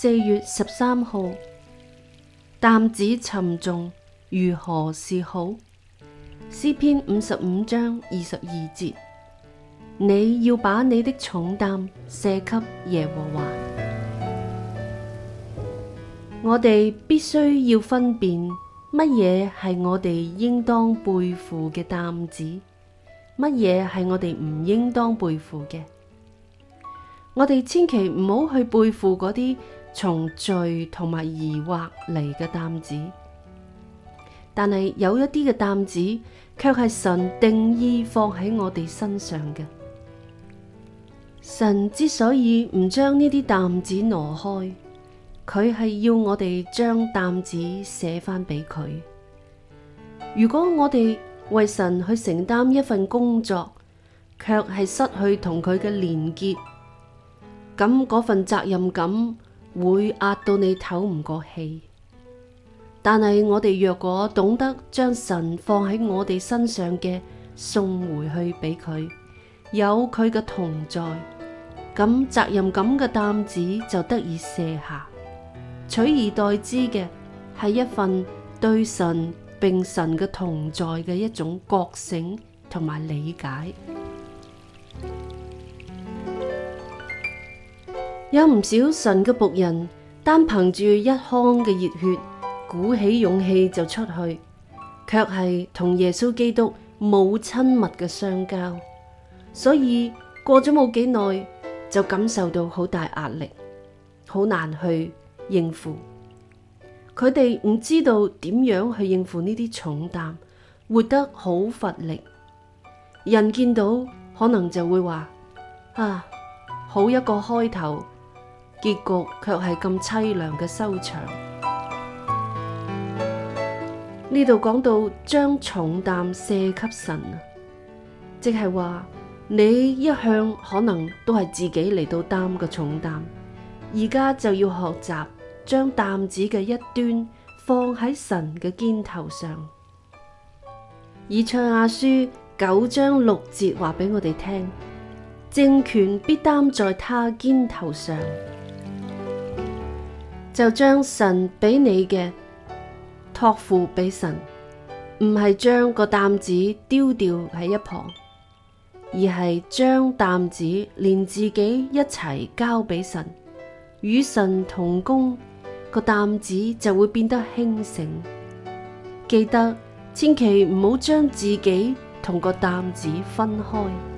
四月十三號，擔子沉重，如何是好？詩篇五十五章二十二節，你要把你的重擔卸給耶和華。 我哋必須要分辨乜嘢係我哋應當背負嘅擔子，乜嘢係我哋唔應當背負嘅。我哋千祈唔好去背負嗰啲。從罪同埋疑惑嚟嘅擔子，但係有一啲嘅擔子，卻係神定意放喺我哋身上嘅。神之所以唔將呢啲擔子挪開，佢係要我哋將擔子寫返俾佢。如果我哋為神去承擔一份工作，卻係失去同佢嘅連結，咁嗰份責任感。會壓到你唞唔過氣，但係我哋若果懂得將神放喺我哋身上嘅送回去俾佢，有佢嘅同在，咁責任感嘅擔子就得以卸下，取而代之嘅係一份對神並神嘅同在嘅一種覺醒同埋理解。有唔少神嘅僕人，單憑住一腔嘅熱血，鼓起勇氣就出去，卻係同耶穌基督冇親密嘅相交，所以過咗冇幾耐，就感受到好大壓力，好難去應付。佢哋唔知道點樣去應付呢啲重擔，活得好乏力。人見到可能就會話：啊，好一個開頭。結局卻係咁淒涼嘅收場。呢度講到將重擔卸給神啊，即係話你一向可能都係自己嚟到擔嘅重擔，而家就要學習將擔子嘅一端放喺神嘅肩頭上。以賽亞書九章六節話俾我哋聽，政權必擔在他肩頭上。就將神俾你嘅託付俾神，唔係將個擔子丟掉喺一旁，而係將擔子連自己一齊交俾神，與神同工，個擔子就會變得輕省。記得千祈唔好將自己同個擔子分開。